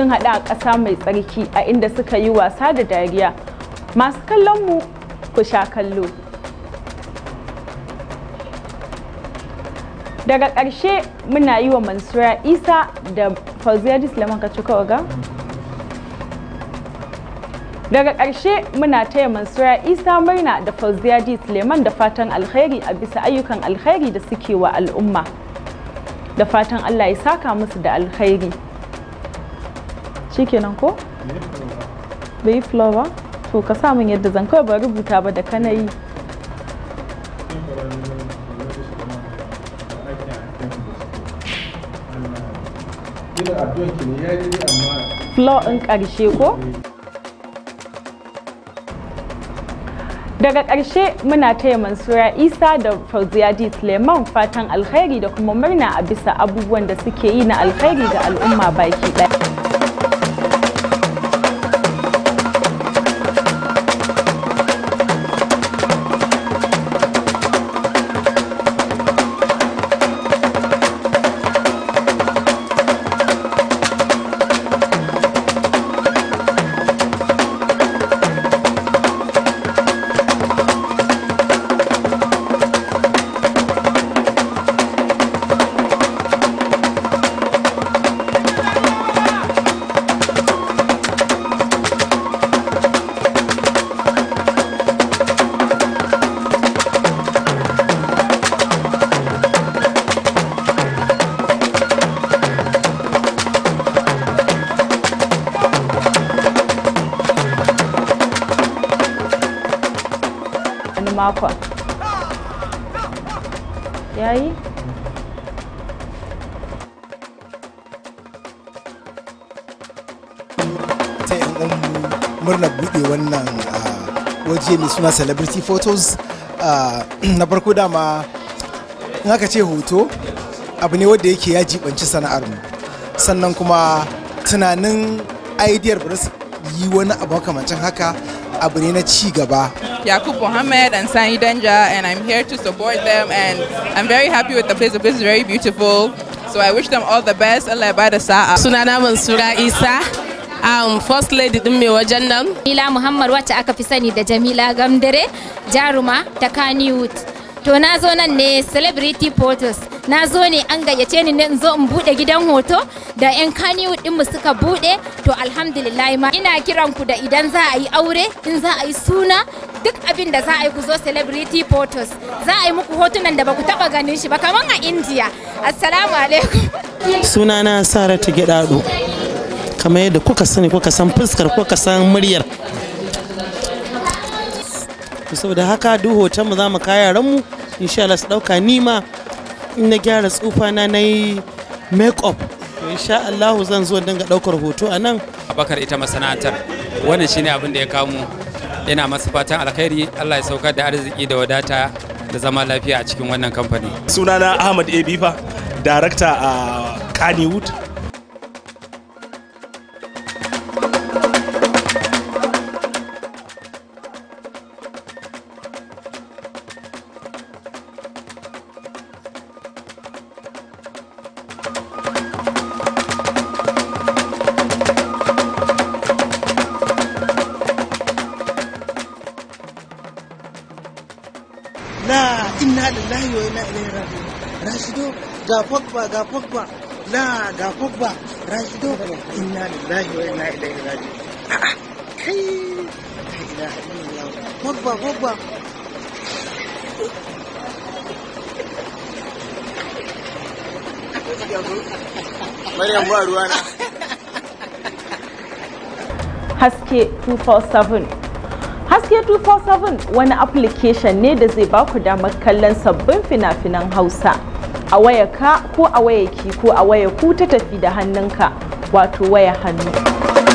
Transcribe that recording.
sun haɗu a ƙasa mai tsarki a inda suka yi wasa da dariya masu kallon ku sha kallo daga ƙarshe muna yi wa mansura isa da fauziya ka kacuka ga daga ƙarshe muna taya mansura isa murna da fauziya suleiman da fatan alkhairi a bisa ayyukan alkhairi da suke wa al'umma da fatan allah ya saka musu da alkhairi shikenan ko bai flower to ka sa yadda zan kawai ba rubuta ba da kana yi flow ɗin ƙarshe ko daga karshe muna taya mansura isa da fauziyadi suleiman fatan alkhairi da kuma murna a bisa abubuwan da suke yi na alkhairi ga al'umma baki ɗaya wani makon yi ta yan umu murnar buɗe wannan ah, waje mai suna celebrity photos ah, na farko dama in aka ce hoto abu ne wanda yake ya jibanci sana'ar mu sannan kuma tunanin idiyar ba su yi wani abu makamancin haka abu ne na ci gaba Yakub Mohammed and Sani Denja, and I'm here to support them. And I'm very happy with the place. The place is very beautiful. So I wish them all the best. Allah by the sa'a. Sunana Mansura Isa. um, first lady din me wajen nan. Jamila Muhammad wacce aka fi sani da Jamila Gamdere Jaruma ta Kannywood. To na zo nan ne celebrity photos. Na zo ne an gayyace ni ne in zo in bude gidan hoto da 'yan Kannywood mu suka bude to alhamdulillah ma ina kiran ku da idan za a yi aure, in za a yi suna, duk abin da za a yi ku zo celebrity photos za a yi muku hotunan da ba ku taba ganin shi ba kamar a india assalamu alaikum sunana saratu gidado kamar yadda kuka sani kuka san fuskar kuka san muryar saboda haka duk hoton mu za mu kaya mu, insha Allah su dauka nima in na gyara tsufa na nayi yi make up insha Allah zan zo dinga daukar hoto anan. abakar ita masana'antar wannan shine abin da ya mu. yana masu fatan alkhairi Allah ya saukar da arziki da wadata da zama lafiya a cikin wannan kamfani sunana Ahmad abifa darakta a Kannywood inna lillahi wa inna ilaihi raji'un rashido ga pogba ga pogba la ga pogba rashido inna lillahi wa inna ilaihi raji'un a'a kai la ilaha pogba pogba Maryam ba ruwana. Haske 247 Haske 247 wani application ne da zai baku damar kallon sabbin fina-finan Hausa a waya ka ko a waya ki ko a waya ku ta tafi da hannunka wato waya hannu.